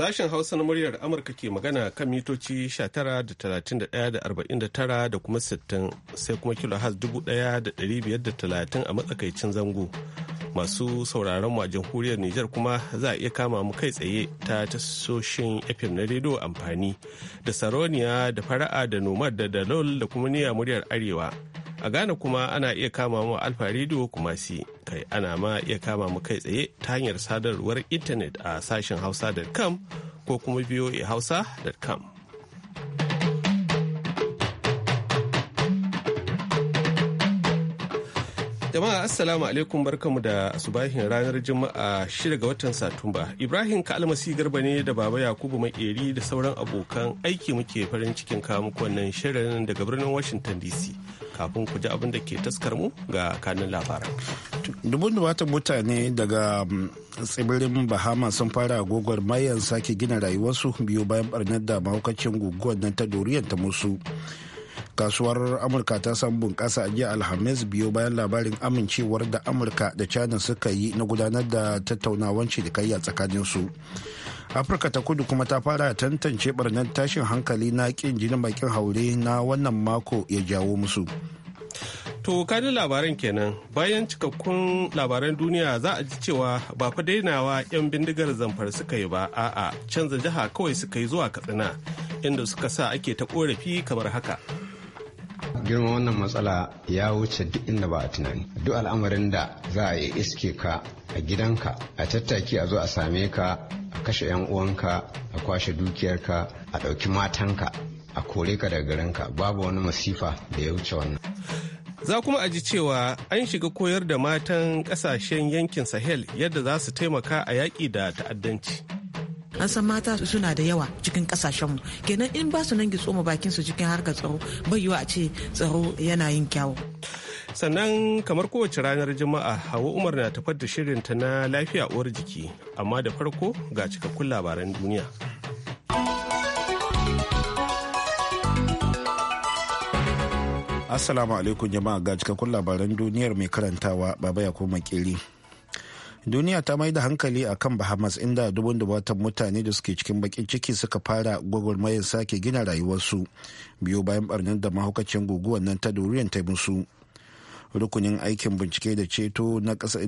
Sashen Hausa na muryar Amurka ke magana kan mitoci 19.31.49 da kuma 60 sai kuma kilo has 1,530 a matsakaicin zango. Masu sauraron wa a jamhuriyar Nijar kuma za a iya kama mu kai tsaye ta tasoshin FM na rediyo amfani da Saroniya da Fara'a da Nomad da Dalol da kuma Niyya muryar Arewa. a ghana kuma ana iya kama mu alfa rediyo kuma si kai ana ma iya kama mu kai tsaye ta hanyar sadarwar intanet a sashen hausa.com ko kuma voa hausa.com jama'a assalamu alaikum barkamu da subahin ranar juma'a shida ga watan satumba ibrahim kalmasi garba ne da baba yakubu makeri da sauran abokan aiki muke farin cikin kawo muku wannan shirin daga birnin washington dc kafin ku ji abin da ke taskar mu ga kanin labaran. Dubun wata mutane daga um, tsibirin Bahama sun fara agogwar mayan sake gina rayuwarsu biyu bayan barnar da mahaukacin guguwar nan ta doriyar ta musu. kasuwar amurka ta samu bunƙasa a jiya alhamis biyo bayan labarin amincewar da amurka da china suka yi na gudanar da tattaunawan tsakanin su. afirka ta kudu kuma ta fara tantance barnar tashin hankali na kin jini bakin haure na wannan mako ya jawo musu to kanin labaran kenan bayan cikakkun labaran duniya za a ji cewa ba fa dainawa 'yan bindigar zamfar suka yi ba a'a canza jiha kawai suka yi zuwa katsina inda suka sa ake ta korafi kamar haka girma wannan matsala ya wuce duk inda ba a tunani duk al'amarin da za a yi iske ka a gidanka a tattaki a zo a same ka a kashe 'yan uwanka a kwashe dukiyarka a ɗauki matanka a kore ka daga garinka babu wani masifa da ya wuce wannan za kuma a ji cewa an shiga koyar da matan kasashen yankin sahel yadda za su taimaka a yaƙi da ta'addanci an san mata suna da yawa cikin kasashenmu kenan in ba su nan gitso ma bakin su cikin harkar tsaro bai yiwa a ce tsaro yana yin kyawu sannan kamar kowace ranar juma'a hawa umar na tafar da shirinta na lafiya uwar jiki amma da farko ga cikakkun labaran duniya assalamu alaikum jama'a ga cikakkun labaran duniyar mai karantawa baba ya koma kiri duniya ta mai da hankali a kan bahamas inda dubun dubatan mutane da suke cikin bakin ciki suka fara gwagwarmayar sake gina rayuwarsu biyu bayan barnin da mahaukacin guguwar nan ta duriyan ta musu rukunin aikin bincike da ceto na ƙasa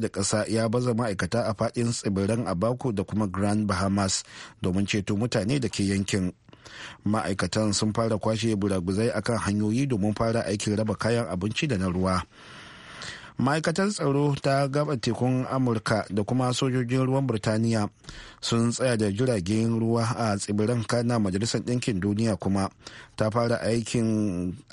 da ƙasa ya baza ma'aikata a faɗin tsibiran abaku da kuma grand bahamas domin ceto mutane da ke yankin ma'aikatan sun fara kwashe buraguzai akan hanyoyi domin fara aikin raba kayan abinci da na ruwa ma'aikatar tsaro ta gaba tekun amurka da kuma sojojin ruwan birtaniya sun tsaya da jiragen ruwa a tsibirin kana majalisar ɗinkin duniya kuma ta fara aikin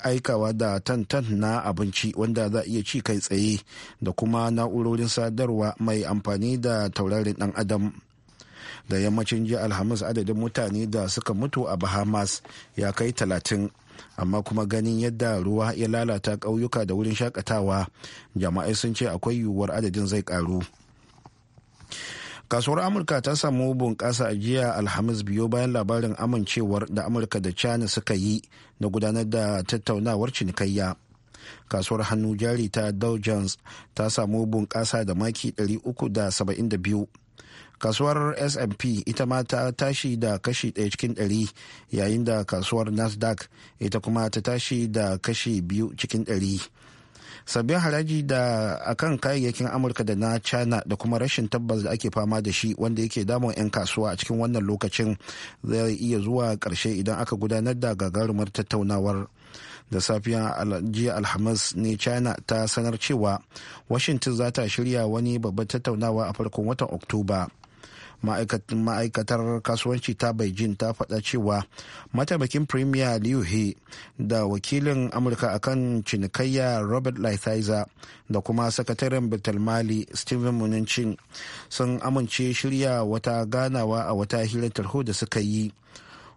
aikawa da tantan na abinci wanda za iya ci kai tsaye da kuma na'urorin sadarwa mai amfani da taurarin ɗan adam da yammacin jiya alhamis adadin mutane da suka mutu a bahamas ya kai talatin amma kuma ganin yadda ruwa ya lalata ƙauyuka da wurin shakatawa jama'ai sun ce akwai yiwuwar adadin zai ƙaru kasuwar amurka ta samu bunƙasa a jiya alhamis biyu bayan labarin amincewar da amurka da china suka yi na gudanar da tattaunawar cinikayya kasuwar hannu jari ta dow jones ta samu bunƙasa da maki 372 kasuwar S&P ita ma ta tashi da kashi ɗaya cikin ɗari yayin da kasuwar Nasdaq ita kuma ta tashi da kashi biyu cikin ɗari. sabbin haraji da akan kayayyakin amurka da na china da kuma rashin tabbas da ake fama da shi wanda yake damun 'yan kasuwa a cikin wannan lokacin zai iya zuwa karshe idan aka gudanar da gagarumar tattaunawar da safiya jiya alhamis ne china ta sanar cewa washington za ta shirya wani babban tattaunawa a farkon watan oktoba ma'aikatar kasuwanci ta beijing ta faɗa cewa mataimakin premier liu he da wakilin amurka akan cinikayya robert lighthizer da kuma sakataren mali steven munichin sun amince shirya wata ganawa a wata hirar tarho da suka yi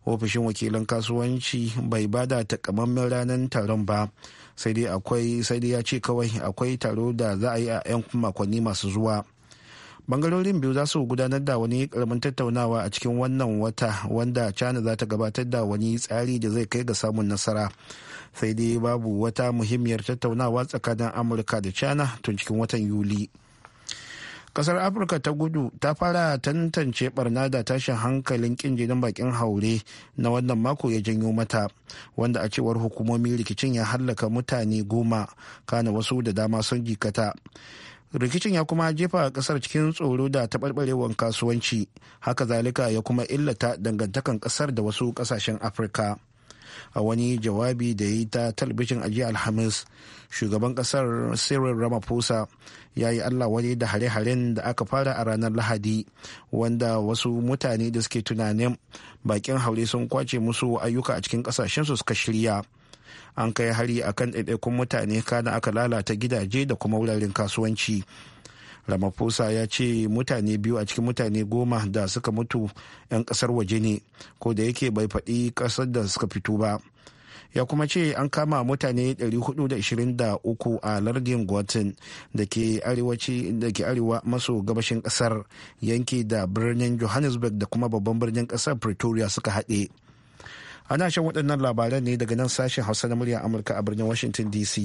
ofishin wakilan kasuwanci bai bada takamammen ranar taron ba sai dai ya ce kawai akwai taro da za a yi a 'yan makonni masu zuwa bangarorin biyu za su gudanar da wani karamin tattaunawa a cikin wannan wata wanda china za ta gabatar da wani tsari da zai kai ga samun nasara sai dai babu wata muhimmiyar tattaunawa tsakanin amurka da china tun cikin watan yuli kasar afirka ta gudu ta fara tantance barna da tashin hankalin kinjinin bakin haure na wannan mako ya janyo mata wanda a cewar hukumomi rikicin ya hallaka mutane goma kana wasu da dama sun jikata rikicin ya kuma jefa kasar cikin tsoro da taɓarɓarewar kasuwanci haka zalika ya kuma illata dangantakan kasar da wasu ƙasashen afirka a wani jawabi da ya yi ta talabijin a jiya alhamis shugaban kasar cyril ramaphosa ya yi allah wani da hare-haren da aka fara a ranar lahadi wanda wasu mutane da suke tunanin bakin haure sun kwace musu ayyuka a cikin ƙasashensu suka shirya an kai hari a kan ɗaiɗaikun mutane kana aka lalata gidaje da kuma wuraren kasuwanci ramaphosa ya ce mutane biyu a cikin mutane goma da suka mutu 'yan kasar waje ne ko da yake bai faɗi ƙasar da suka fito ba ya kuma ce an kama mutane 423 a lardin gwatin da ke arewa maso gabashin kasar yanki da birnin johannesburg da kuma babban birnin kasar pretoria suka haɗe ana shan waɗannan labaran ne daga nan sashen hausa na muryar amurka a birnin washington dc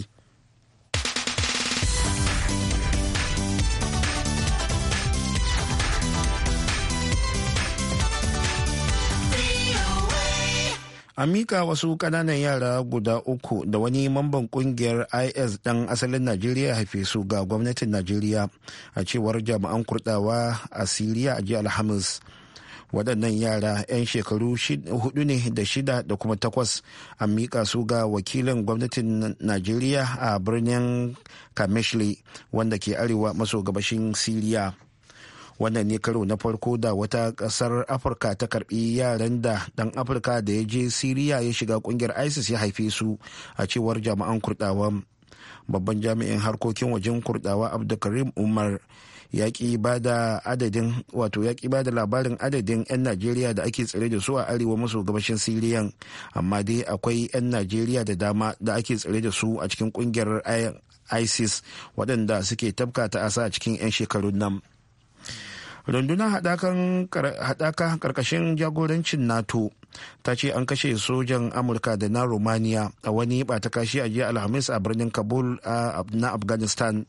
a mika wasu kananan yara guda uku da wani mamban kungiyar is ɗan asalin najeriya haife su ga gwamnatin najeriya a cewar jami'an kurɗawa a siriya a jiya alhamis waɗannan yara 'yan shekaru hudu ne da shida da kuma takwas an miƙa su ga wakilin gwamnatin najeriya a birnin kamishli wanda ke arewa maso gabashin siriya wannan ne karo na farko da wata kasar afirka ta karbi yaran da ɗan afirka da ya je siriya ya shiga kungiyar isis ya haife su a cewar jami'an kurdawa babban jami'in harkokin wajen kurdawa abdulkarim umar yaƙi ba da adadin wato yaƙi ba da labarin adadin 'yan najeriya da ake tsare da su a arewa maso gabashin siriyan amma dai akwai 'yan najeriya da dama da ake tsare da su a cikin ƙungiyar isis waɗanda suke tabka ta asa a cikin 'yan shekarun nan rundunar haɗaka ƙarƙashin jagorancin nato ta ce an kashe sojan amurka da na romania a wani bata kashi a jiya alhamis a birnin kabul na afghanistan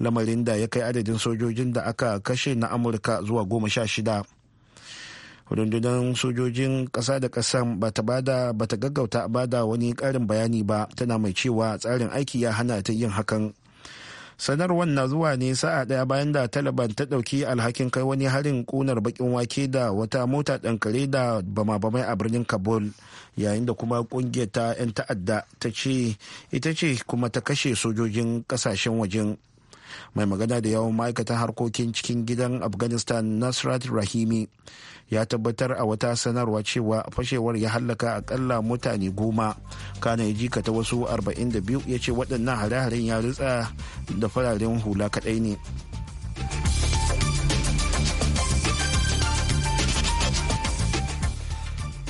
lamarin da ya kai adadin sojojin da aka kashe na amurka zuwa goma sha shida rundunar sojojin ƙasa da ƙasan ba ta gaggauta bada wani ƙarin bayani ba tana mai cewa tsarin aiki ya hana ta yin hakan sanarwar na zuwa ne sa'a ɗaya bayan da taliban ta dauki alhakin kai wani harin kunar bakin wake da wata mota dankare da bama-bamai a birnin kabul yayin da kuma kungiyar ta 'yan ta'adda ta ce ita ce kuma ta kashe sojojin kasashen wajen mai magana da yawan ma'aikatan harkokin cikin gidan afghanistan nasrat rahimi ya tabbatar a wata sanarwa cewa fashewar ya hallaka akalla mutane goma kana ya jika ta wasu 42 ya ce waɗannan hare-haren ya ritsa da fararen hula kaɗai ne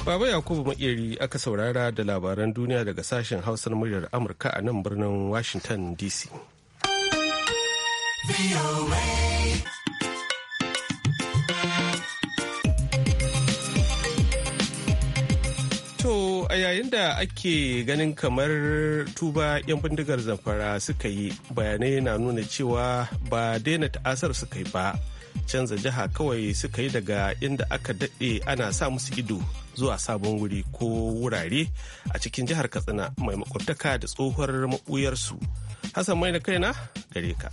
Baba Yakubu Makeri aka saurara da labaran duniya daga sashen hausar muryar Amurka a nan birnin Washington DC. To a yayin da ake ganin kamar tuba 'yan bindigar zamfara suka yi bayanai na nuna cewa ba daina ta'asar suka yi ba canza jiha kawai suka yi daga inda aka daɗe ana sa musu ido zuwa sabon wuri ko wurare a cikin jihar katsina mai makwabtaka da tsohuwar maɓuyarsu hassan mai na kaina gare ka.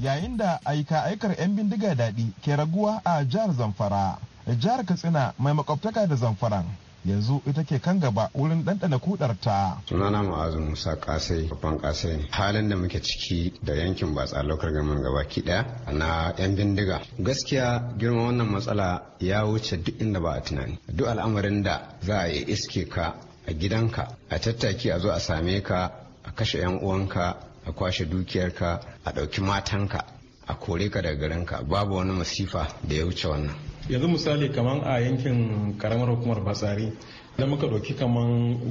yayin da aika aikar 'yan bindiga daɗi ke raguwa a jihar zamfara jihar katsina mai makwabtaka da zamfara yanzu ita ke kan gaba wurin ɗanɗana kudarta. sunana ma'azu musa ƙasai, babban kasai halin da muke ciki da yankin ba lokar gaman gaba ki daya na yan bindiga gaskiya girma wannan matsala ya wuce duk inda ba a tunani duk al'amarin da za a yi iske ka a gidanka a tattaki a zo a same ka a kashe yan uwanka a kwashe dukiyarka a ɗauki matanka a kore ka daga garinka babu wani masifa da ya wuce wannan yanzu misali kamar a yankin karamar hukumar batsari da muka ɗauki kamar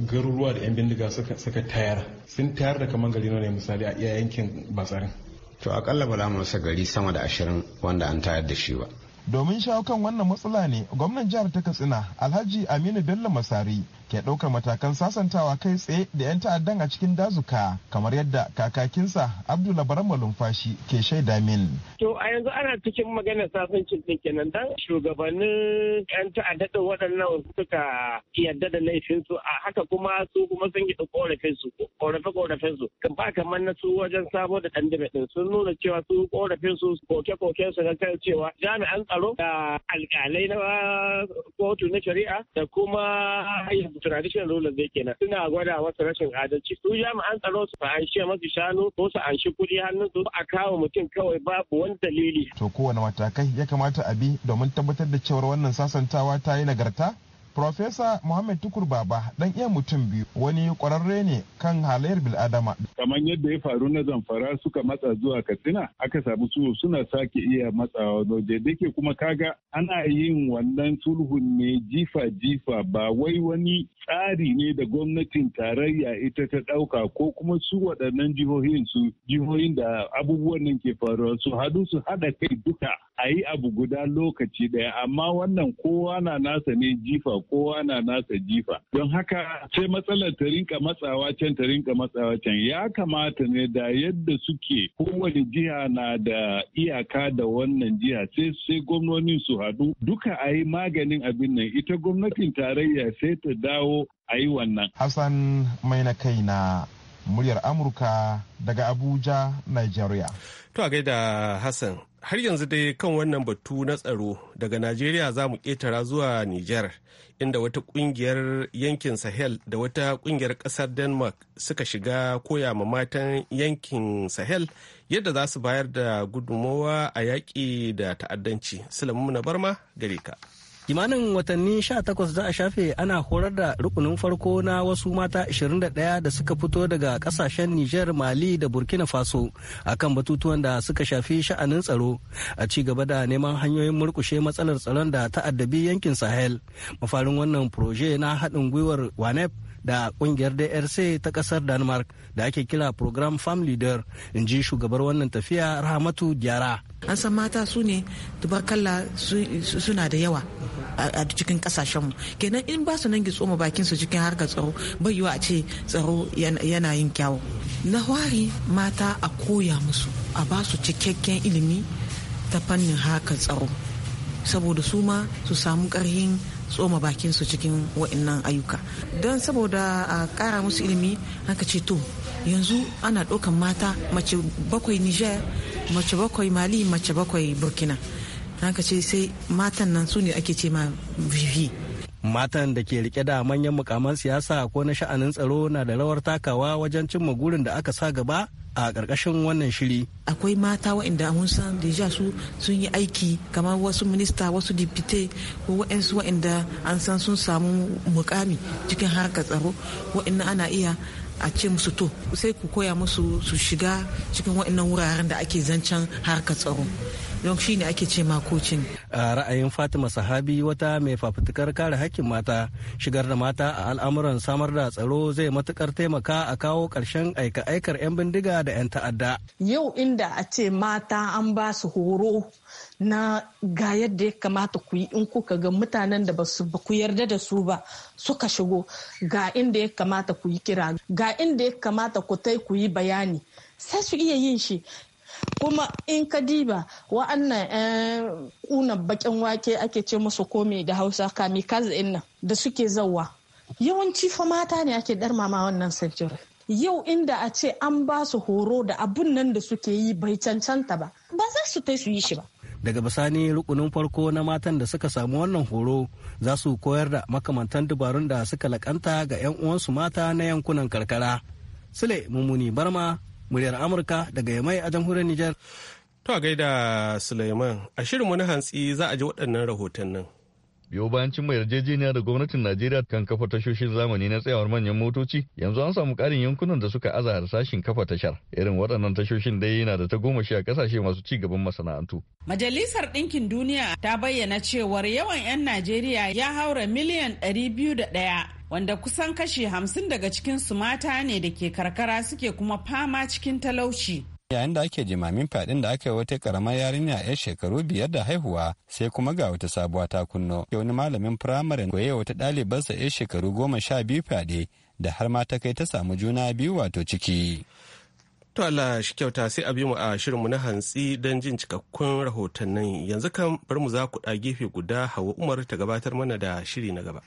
garuruwa da 'yan bindiga suka tayar sun tayar da kamar gari ne misali a iya yankin Batsari. to akalla ba mu rasa gari sama da ashirin wanda an tayar da shi ba domin shawo kan wannan matsala ne gwamnan jihar ta katsina alhaji aminu bello masari ke ɗaukar matakan sasantawa kai tsaye da 'yan ta'addan a cikin dazuka kamar yadda kakakinsa abdullah barama malumfashi ke shaida min. to a yanzu ana cikin maganar sasancin ɗin kenan dan shugabannin 'yan ta'adda ɗin waɗannan suka yarda da laifinsu a haka kuma su kuma sun yi ƙorafin su ƙorafe ƙorafin su ba kamar na su wajen sabo da ɗan ɗin sun nuna cewa su ƙorafin su koke koken su na kan cewa jami'an tsaro da alƙalai na kotu na shari'a da kuma yanzu traditional rulers zai kenan suna gwada masa rashin adalci su jami'an tsaro su anshi masu shanu ko su anshi kudi hannun su a kawo mutum kawai babu wani dalili. To kowane matakai ya kamata a bi domin tabbatar da cewar wannan sasantawa ta yi nagarta? Profesa Muhammad Tukur Baba dan iya mutum biyu wani kwararre ne kan halayyar bil'adama. Kamar yadda ya faru na zamfara suka matsa zuwa Katsina aka samu su suna sake iya matsawa waje dake kuma kaga ana yin wannan sulhun ne jifa-jifa ba wai wani tsari ne da gwamnatin tarayya ita ta ɗauka ko kuma su waɗannan jihohin su jihohin da abubuwan nan ke faruwa su hadu su haɗa kai duka a yi abu guda lokaci ɗaya amma wannan kowa na nasa ne jifa kowa na nasa jifa don haka sai matsalar ta rinka matsawa can ta rinka matsawa can ya kamata ne da yadda suke kowane jiha na da iyaka da wannan jiha sai sai gwamnonin su haɗu duka a yi maganin abin nan ita gwamnatin tarayya sai ta dawo a yi wannan. Hassan mai na kai na muryar amurka daga abuja nigeria to a gaida hassan har yanzu dai kan wannan batu na tsaro daga najeriya za mu ƙetara zuwa niger inda wata ƙungiyar yankin sahel da wata ƙungiyar ƙasar denmark suka shiga koya ma matan yankin sahel yadda za su bayar da gudunmowa a yaƙi da ta'addanci sulamu na barma gare ka kimanin watanni 18 za a shafe ana horar da rukunin farko na wasu mata 21 da suka fito daga kasashen niger mali da burkina faso akan batutuwan da suka shafi sha'anin tsaro a ci gaba da neman hanyoyin murkushe matsalar tsaron da ta'addabi yankin sahel mafarin wannan proje na haɗin gwiwar wanep da kungiyar DRC ta kasar Denmark da ake kila Program Farm Leader in ji shugabar wannan tafiya Rahmatu Gyara. An san mata su ne tubarkalla suna da yawa a cikin kasashenmu kenan in ba su nan gitso ma bakin su cikin harkar tsaro bai yiwa a ce tsaro yana yin kyawu. Na wari mata a koya musu a ba su cikakken ilimi ta fannin harkar tsaro saboda su ma su samu ƙarhin tsoma bakin su cikin wa'annan ayyuka don saboda a kara musu ilimi haka ce to yanzu ana ɗaukan mata mace bakwai niger mace bakwai mali mace bakwai burkina haka ce sai matan nan su ne ake ce ma vivi matan da ke rike da manyan mukaman siyasa ko na sha'anin tsaro na da rawar takawa wajen cimma gurin da aka sa gaba a ƙarƙashin wannan shiri akwai mata waɗanda mun san deja su sun yi aiki kamar wasu minista wasu dipite ko waɗansu waɗanda an san sun samu mukami cikin harkar tsaro waɗanda ana iya a ce musu to sai ku koya musu su shiga cikin waɗannan wuraren da ake zancen harkar tsaro don shi ne ake ce ma kocin. A ra'ayin Fatima Sahabi wata mai fafutukar kare hakkin mata shigar da mata a al'amuran samar da tsaro zai matukar taimaka a kawo ƙarshen aika-aikar 'yan bindiga da 'yan ta'adda. Yau in inda a ce mata an ba su horo na ga yadda ya kamata ku yi in kuka ga mutanen da ba ku yarda da su ba suka shigo ga inda ya kamata ku yi kira ga inda ya kamata ku tai ku yi bayani sai su iya yin shi kuma in ka diba wa'annan yan kuna bakin wake ake ce musu komi da hausa kamikaze inna da suke zawa yawanci fa mata ne ake darmama wannan century yau inda a ce an ba su horo da abun nan da suke yi bai cancanta ba ba za su tai su yi shi ba daga bisani rukunin farko na matan da suka samu wannan horo za su koyar da makamantan dabarun da suka lakanta ga 'yan uwansu mata na yankunan karkara sule mummuni barma muryar amurka daga yamai a jamhuriyar nijar to gaida suleiman a shirin wani hantsi za a ji waɗannan rahoton nan? biyo bayan cimma yarjejeniya da gwamnatin najeriya kan kafa tashoshin zamani na tsayawar manyan motoci yanzu an samu karin yankunan da suka aza harsashin kafa tashar irin waɗannan tashoshin dai yana da ta goma shi a kasashe masu ci gaban masana'antu majalisar ɗinkin duniya ta bayyana cewar yawan 'yan najeriya ya haura miliyan ɗari biyu da ɗaya wanda kusan kashi hamsin daga cikin su mata ne da ke karkara suke kuma fama cikin talauci yayin da ake jimamin fyaɗin da aka yi wata karamar yarinya 'yar shekaru biyar da haihuwa sai kuma ga wata sabuwa ta kunno wani malamin firamare koye wata ɗalibarsa 'yar shekaru goma sha biyu fyaɗe da har ma ta kai ta samu juna biyu wato ciki. To Allah shi kyauta sai a bi mu a shirin mu na hantsi don jin cikakkun rahotannin yanzu kan bar mu za ku ɗa gefe guda Hawa Umar ta gabatar mana da shiri na gaba.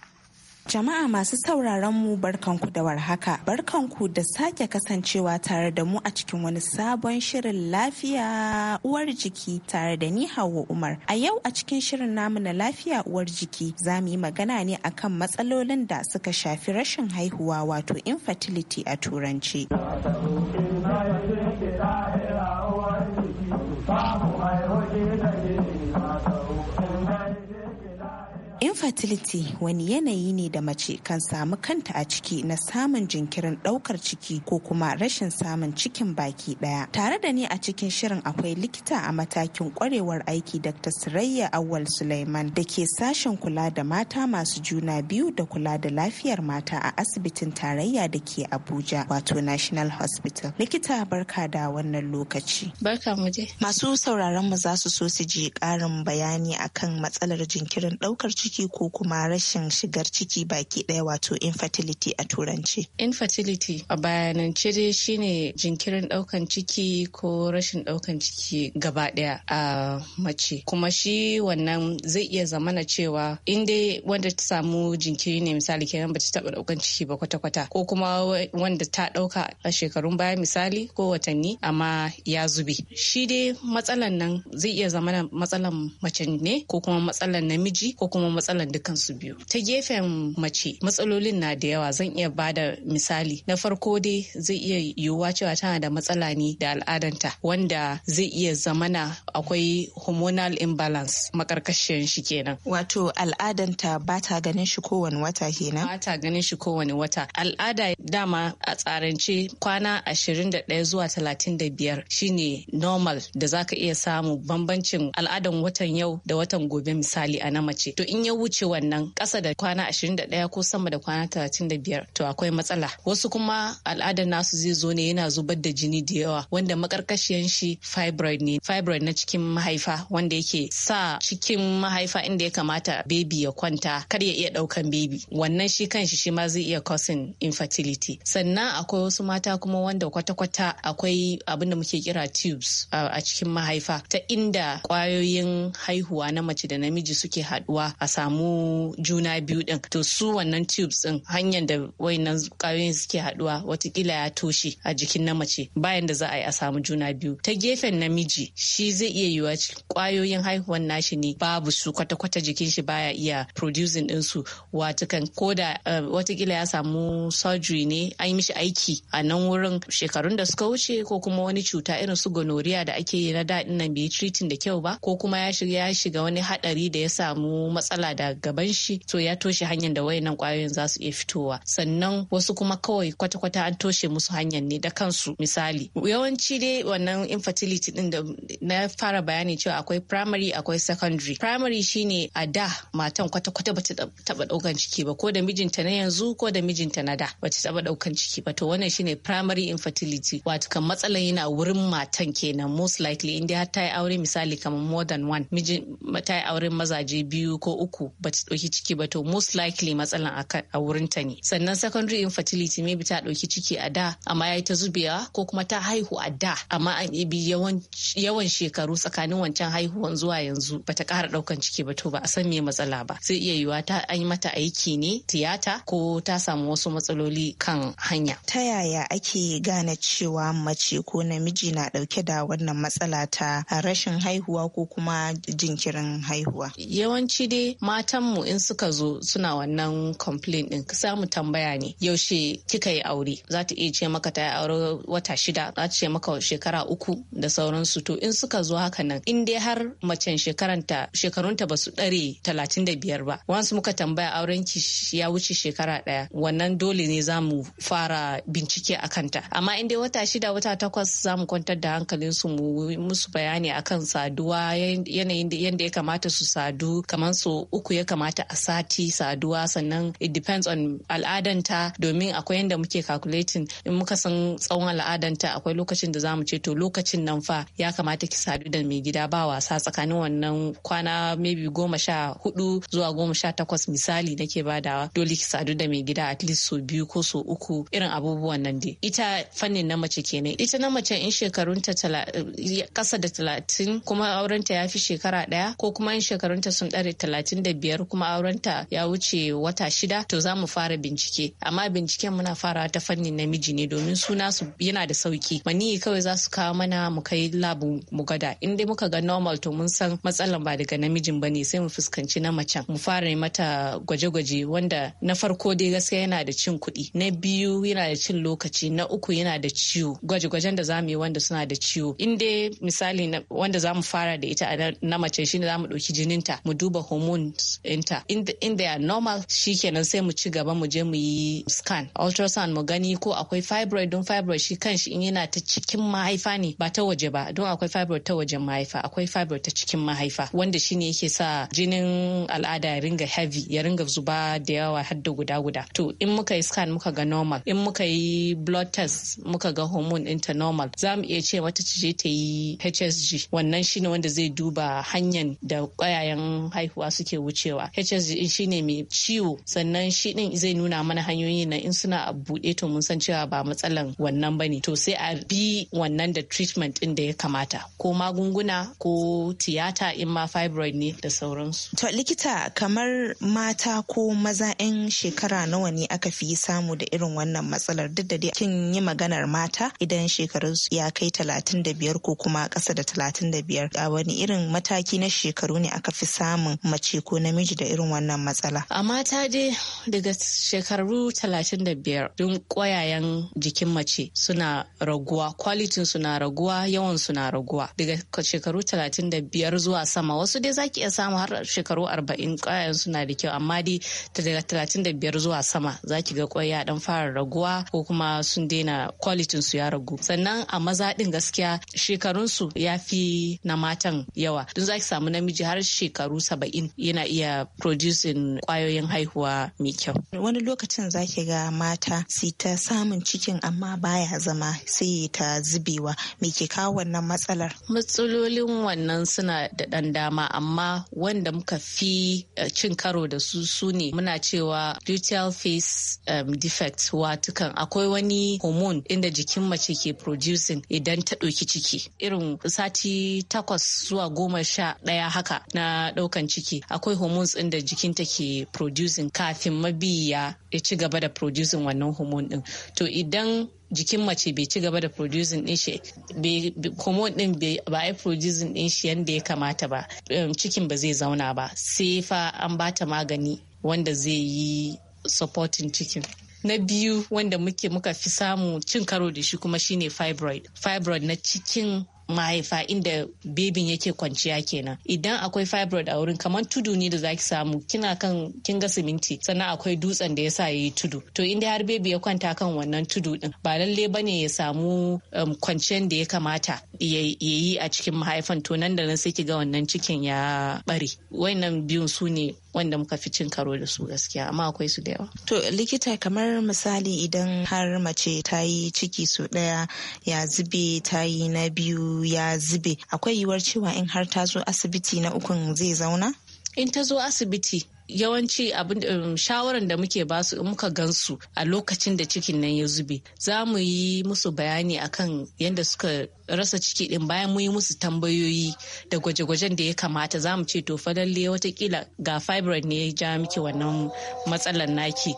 Jama'a masu sauraron mu barkanku da warhaka. Barkanku da sake kasancewa tare da mu a cikin wani sabon shirin lafiya uwar jiki tare da ni Hauwa Umar. A yau a cikin shirin namu na lafiya uwar jiki za mu yi magana ne akan matsalolin da suka shafi rashin haihuwa wato infertility a turanci. infertility wani yanayi ne da mace kan samu kanta a ciki na samun jinkirin daukar ciki ko kuma rashin samun cikin baki daya tare da ni a cikin shirin akwai likita a matakin kwarewar aiki dr sirayya awal suleiman da ke sashen kula da mata masu juna biyu da kula da lafiyar mata a asibitin tarayya da ke abuja wato national hospital likita barka da wannan lokaci barka mu masu sauraron mu za su so su ji karin bayani akan matsalar jinkirin daukar ciki ciki ko kuma rashin shigar ciki baki ɗaya wato infertility a turanci. Infertility a bayanance dai shine jinkirin ɗaukan ciki ko rashin ɗaukan ciki gaba ɗaya a mace. Kuma shi wannan zai iya zamana cewa in dai wanda ta samu jinkiri ne misali kenan bata taɓa ɗaukan ciki ba kwata-kwata ko kuma wanda ta ɗauka a shekarun baya misali ko watanni amma ya zube. Shi dai matsalan nan zai iya zamana matsalan mace ne ko kuma matsalan namiji ko kuma matsalan dukan su biyu ta gefen mace matsalolin na da yawa zan iya bada misali na farko dai zai iya yiwuwa cewa tana da matsala ne da al'adanta wanda zai iya zamana akwai hormonal imbalance makarkashiyar shi kenan wato al'adanta ba ta ganin shi kowane wata kenan ba ta ganin shi kowane wata al'ada dama a tsarance kwana 21 zuwa 35 shine normal da zaka iya samu bambancin al'adan watan yau da watan gobe misali a na mace to in ya wuce wannan ƙasa da kwana 21 ko sama da kwana 35 to akwai matsala wasu kuma al'adar nasu zai zo ne yana zubar da jini da yawa wanda makarkashiyan shi fibroid ne fibroid na cikin mahaifa wanda yake sa cikin mahaifa inda ya kamata baby ya kwanta kar ya iya daukan baby wannan shi kanshi shi ma zai iya causing infertility sannan akwai wasu mata kuma wanda kwata-kwata akwai abin da muke kira tubes a cikin mahaifa ta inda kwayoyin haihuwa na mace da namiji suke haɗuwa a samu juna biyu din to su wannan tubes din hanyar da wayannan kwayoyin suke haɗuwa watakila ya toshe a jikin na mace bayan da za a yi a samu juna biyu ta gefen namiji shi zai iya yiwa kwayoyin haihuwan nashi ne babu su kwata-kwata jikin shi baya iya producing din su watakan da eh, watakila ya samu surgery ne an yi mishi aiki a nan wurin shekarun da suka wuce ko kuma wani cuta irin su gonoriya da ake yi na daɗin nan bai treating da kyau ba ko kuma ya shiga ya shiga wani haɗari da ya samu matsala matsala da gaban shi to ya toshe hanyar da wayannan kwayoyin za su iya fitowa sannan wasu kuma kawai kwata-kwata an toshe musu hanyar ne da kansu misali yawanci dai wannan infertility din da na fara bayani cewa akwai primary akwai secondary primary shine a da matan kwata-kwata bata taba daukan ciki ba ko da mijinta na yanzu ko da mijinta na da bata taba daukan ciki ba to wannan shine primary infertility wato kan matsalan yana wurin matan kenan most likely in dai har ta yi aure misali kamar more than one mijin ta yi auren mazaje biyu ko uku uku ba ta ɗauki ciki ba to most likely matsalan a wurin ta ne sannan secondary infertility maybe ta ɗauki ciki a da amma ya yi ta zubewa ko kuma ta haihu a da amma an ibi yawan shekaru tsakanin wancan haihuwan zuwa yanzu ba ta ƙara ɗaukan ciki ba to ba a san me matsala ba zai iya yiwuwa ta an yi mata aiki ne tiyata ko ta samu wasu matsaloli kan hanya. Ta yaya ake gane cewa mace ko namiji na ɗauke da wannan matsala ta rashin haihuwa ko kuma jinkirin haihuwa? Yawanci dai matanmu in suka zo suna wannan complain din ka mu tambaya ne yaushe kika yi aure za ta iya ce maka ta yi aure wata shida za ta ce maka shekara uku da sauransu to in suka zo haka nan in dai har mace shekaranta shekarunta ba su ɗare talatin da biyar ba wasu muka tambaya auren ki ya wuce shekara ɗaya wannan dole ne za mu fara bincike a kanta amma in dai wata shida wata takwas za mu kwantar da hankalinsu mu musu bayani akan saduwa yanayin yadda ya kamata su sadu kamar su uku ya kamata a sati saduwa sannan it depends on al'adanta domin akwai yadda muke calculating in muka san tsawon al'adanta akwai lokacin da zamu ce to lokacin nan fa ya kamata ki sadu da mai gida ba wasa tsakanin wannan kwana maybe goma sha hudu zuwa goma sha takwas misali nake badawa dole ki sadu da mai gida at least so biyu ko so uku irin abubuwan nan dai ita fannin na mace kenan ita na mace in shekarunta kasa da talatin kuma aurenta ya fi shekara daya ko kuma in shekarunta sun dare talatin da biyar kuma aurenta ya wuce wata shida to za mu fara bincike amma binciken muna farawa ta fannin namiji ne domin suna su yana da sauki maniyi kawai za su kawo mana mu kai labu mu gada in dai muka ga normal to mun san matsalan ba daga namijin ba ne sai mu fuskanci na macen mu fara mata gwaje-gwaje wanda na farko dai gaskiya yana da cin kuɗi na biyu yana da cin lokaci na uku yana da ciwo gwaje-gwajen da za mu yi wanda suna da ciwo in dai misali wanda za mu fara da ita a na mace shine za mu ɗauki jininta mu duba hormone don't ɗinta in they are normal shikenan sai mu ci gaba mu je mu yi scan ultrasound mu gani ko akwai fibroid don fibroid shi kanshi in yana ta cikin mahaifa ne ba ta waje ba don akwai fibroid ta wajen mahaifa akwai fibroid ta cikin mahaifa wanda shi ne yake sa jinin al'ada ya ringa heavy ya ringa zuba da yawa har da guda guda to in muka yi scan muka ga normal in muka yi blood test muka ga hormone ɗinta normal za mu iya ce wata ce ta yi hsg wannan shine wanda zai duba hanyar da ƙwayayen haihuwa suke suke wucewa hsg ne mai ciwo sannan shi din zai nuna mana hanyoyi na in suna a buɗe to mun san cewa ba matsalan wannan ba ne to sai a bi wannan da treatment din da ya kamata ko magunguna ko tiyata in ma fibroid ne da sauransu to likita kamar mata ko maza 'yan shekara nawa ne aka fi samu da irin wannan matsalar duk da dai kin yi maganar mata idan shekarunsu ya kai talatin da biyar ko kuma ƙasa da talatin da biyar a wani irin mataki na shekaru ne aka fi samun mace ko namiji da irin wannan matsala. A mata dai daga shekaru 35 don kwayayen jikin mace suna raguwa, kwalitin suna raguwa, yawan suna raguwa. Daga shekaru 35 zuwa sama wasu dai zaki iya samu har shekaru 40 kwayayen suna da kyau amma dai daga 35 zuwa sama zaki ga ya dan fara raguwa ko kuma sun daina kwalitin su ya ragu. Sannan a maza din gaskiya shekarun su ya fi na matan yawa. Don zaki samu namiji har shekaru 70 yana iya producing kwayoyin haihuwa mai kyau. Wani lokacin zaki ga mata sita, ta samun cikin amma baya zama sai ta zubewa me ke kawo wannan matsalar. Matsalolin wannan suna da ɗan dama amma wanda muka fi eh, cin karo da su su ne muna cewa luteal face um, defect watukan akwai wani hormone inda jikin mace ke producing idan ta ɗauki ciki irin sati takwas zuwa goma sha ɗaya haka na ɗaukan ciki akwai hormones ɗin da jikin take producing kafin mabiya ya ci gaba da producing wannan hormone ɗin to idan jikin mace bai ci gaba da producing din shi hormone din ba a producing din shi yadda ya kamata ba um, cikin ba zai zauna ba sai fa an bata magani wanda zai yi supporting cikin na biyu wanda muke muka fi samu cin karo da shi kuma shine fibroid fibroid na cikin mahaifa inda bebin yake kwanciya kenan idan akwai fibroid a wurin kamar tudu ne da zaki samu kina kan kin ga siminti sannan akwai dutsen da yasa yayi tudu to inda har bebi ya kwanta kan wannan tudu din ba lalle bane ya samu um, kwanciyar da ya kamata yayi a cikin mahaifan to nan da nan sai ki ga wannan cikin ya bare wayannan biyun su ne wanda muka fi cin karo da su gaskiya amma akwai su da yawa. To likita kamar misali idan har mace ta yi ciki su ɗaya ya zube ta yi na biyu ya zube akwai yiwuwar cewa in har ta zo asibiti na ukun zai zauna? in ta zo asibiti yawanci abin um, shawaran da muke basu in muka gansu a lokacin da cikin nan ya zube za mu yi musu bayani akan yadda suka rasa ciki din bayan mu yi musu tambayoyi da gwaje-gwajen da ya kamata za mu ce to fa lalle watakila ga fibroid ne ya ja miki wannan matsalar naki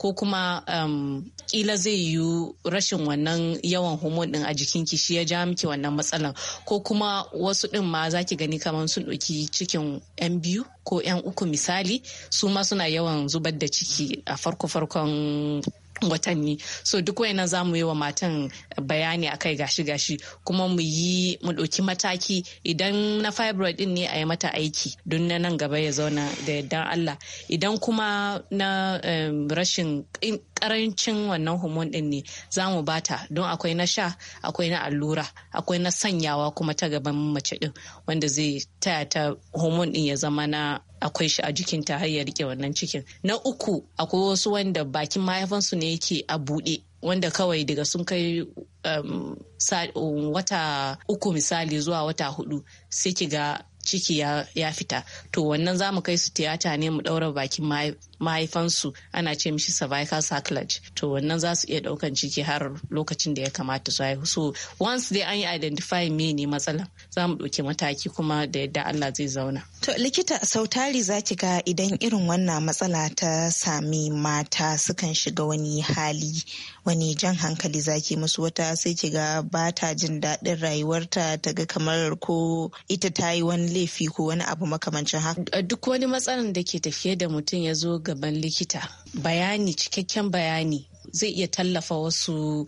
ko kuma um, kila zai yi rashin wannan yawan homon din a jikin ki shi ya ja miki wannan matsalan ko kuma wasu din ma za ki gani kamar sun ɗauki cikin yan biyu ko yan uku misali su ma suna yawan zubar da ciki a farko farkon watanni so duk wayannan za mu yi wa matan bayani a kai gashi gashi kuma mu yi mu ɗauki mataki idan na fibroid din ne a yi mata aiki don na nan gaba ya zauna da yardan Allah idan kuma na eh, rashin karancin wannan homon din ne za mu bata don akwai na sha akwai na allura akwai na sanyawa kuma ta gaban mace din wanda zai taya ta homon din ya zama na akwai shi a jikinta har ya rike wannan cikin na uku akwai wasu wanda bakin mahaifansu ne yake a buɗe wanda kawai daga sun kai um, um, wata uku misali zuwa wata hudu sai ki ga ciki ya, fita to wannan za mu kai su tiyata ne mu ɗaura bakin mahaifansu ana ce mishi cervical sacrilege to wannan za su iya ɗaukan ciki har lokacin da ya kamata su haihu so once dai an yi identify me ne matsalan za mu ɗauki mataki kuma da yadda Allah zai zauna. To likita sautari za ki ga idan irin wannan matsala ta sami mata sukan shiga wani hali wani jan hankali za ki musu wata sai ki ga ba ta jin daɗin rayuwarta ta ga kamar ko ita ta yi wani laifi ko wani abu makamancin haka. Duk wani matsalan da ke tafiye da mutum ya zo gaban likita bayani cikakken bayani zai iya tallafa wasu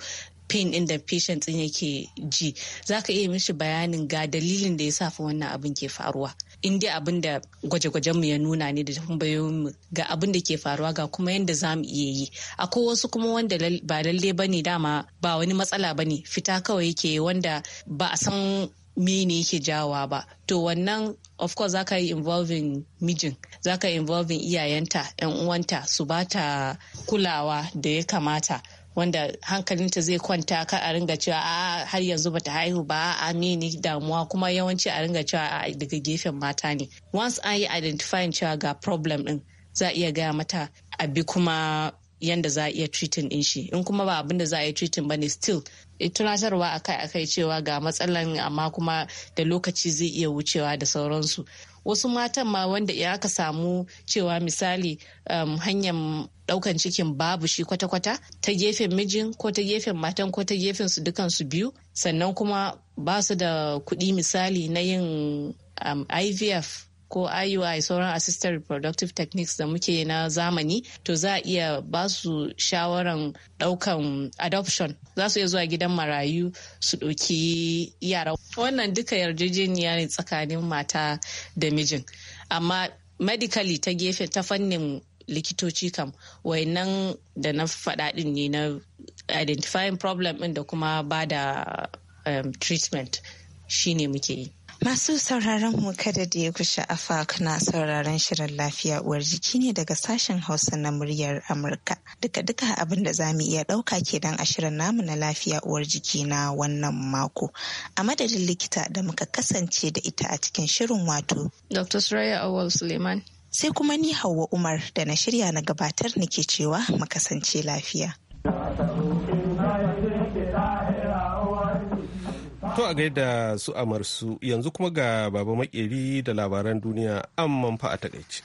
pain ɗin da patient din yake ji za ka iya mishi bayanin ga dalilin da ya sa fa wannan abin ke faruwa in dai abin da gwaje-gwajen mu ya nuna ne da tambayoyin mu ga abin da ke faruwa ga kuma yadda za mu iya yi akwai wasu kuma wanda ba lalle ba ne dama ba wani matsala ba ne fita kawai yake wanda ba a san mene yake jawa ba to wannan of course zaka yi involving mijin zaka involving iyayenta yan uwanta su bata kulawa da ya kamata wanda hankalinta zai kwanta ka a ringa cewa a har yanzu bata haihu ba a mini damuwa kuma yawanci a ringa cewa a daga gefen mata ne once an yi identifying cewa ga problem din za a iya gaya mata a bi kuma yanda za a iya treating din shi in kuma ba abinda za a iya treating ba ne still tunatarwa akai-akai cewa ga matsalan amma kuma da lokaci zai iya wucewa da sauransu wasu matan ma wanda ya aka samu cewa misali um, hanyar daukan cikin babu shi kwata-kwata ta gefen mijin ko ta gefen matan ko ta gefen su dukansu biyu sannan kuma ba su da kuɗi misali na yin um, ivf ko IUI sauran assisted reproductive techniques da muke na zamani to za a iya ba su shawaran daukan adoption za su iya zuwa gidan marayu su ɗauki yara wannan duka yarjejeniya ne tsakanin mata da mijin amma medically ta gefe ta fannin likitoci kam wayannan da na faɗaɗin ne na identifying problem ɗin da kuma ba da um, treatment shine muke yi Masu sauraron mu kada da ya kusha, afa kuna sauraron shirin lafiya uwar jiki ne daga sashen Hausa na muryar Amurka. Duka-duka abin da za mu iya ɗauka kenan a shirin namu na lafiya uwar jiki na wannan mako. A madadin likita da muka kasance da ita a cikin shirin wato. Dr. Suraya Awal Suleiman. Sai kuma ni Hauwa Umar da na shirya na gabatar nake cewa mu kasance lafiya. To a gaida su amarsu yanzu kuma ga baba makeri da labaran duniya amman fa a takaici.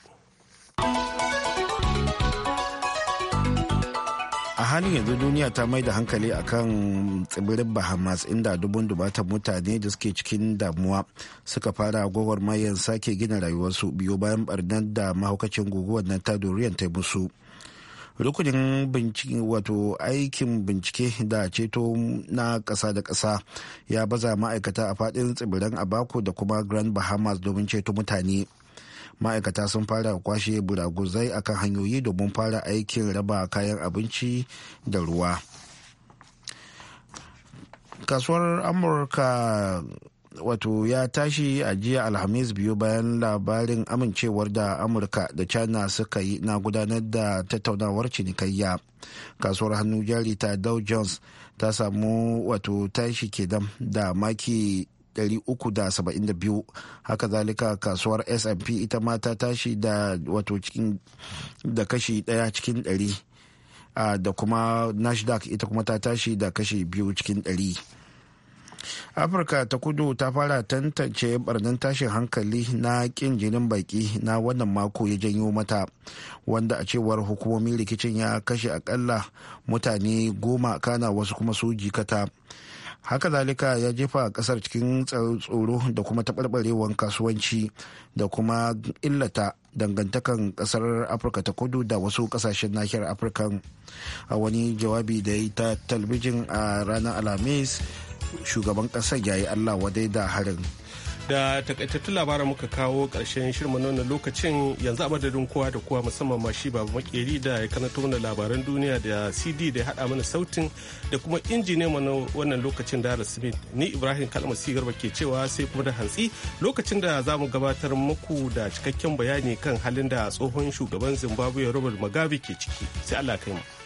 a halin yanzu duniya ta mai da hankali akan tsibirin bahamas inda dubun dubatan mutane da suke cikin damuwa suka fara mayan sake gina rayuwarsu biyo bayan barnar da mahaukacin guguwar nan ta doriyan ta musu. rukunin bincike wato aikin bincike da ceto na ƙasa da ƙasa ya baza ma'aikata a faɗin tsibiran abako da kuma grand bahamas domin ceto mutane ma'aikata sun fara kwashe buraguzai akan hanyoyi domin fara aikin raba kayan abinci da ruwa kasuwar amurka wato ya tashi a jiya alhamis biyu bayan labarin amincewar da amurka da china suka yi na gudanar da tattaunawar cinikayya kasuwar hannu jari ta dow jones ta samu wato tashi kenan da maki 372 haka zalika kasuwar S&P ita ma ta tashi da wato cikin da kashi daya cikin 100 da kuma nasdaq ita kuma ta tashi da kashi biyu cikin 100 afirka ta kudu ta fara tantance barnan tashin hankali na kin jinin baki na wannan mako ya janyo mata wanda a cewar hukumomin rikicin ya kashe akalla mutane goma kana wasu kuma su jikata haka zalika ya jefa kasar cikin tsoro da kuma taɓarɓarewar kasuwanci da kuma illata dangantakan kasar afirka ta kudu da wasu kasashen nahiyar afirka a wani jawabi da ya yi ta talbijin a ranar alhamis shugaban ƙasar ya yi allah wadai da harin da takaitattun labaran muka kawo ƙarshen shirin nuna lokacin yanzu a madadin kowa da kowa musamman ma shi babu makeri da ya karanta mana labaran duniya da cd da ya haɗa mana sautin da kuma injiniya mana wannan lokacin da smith ni ibrahim kalma garba ke cewa sai kuma da hantsi lokacin da za mu gabatar muku da cikakken bayani kan halin da tsohon shugaban zimbabwe robert mugabe ke ciki sai allah kai mu.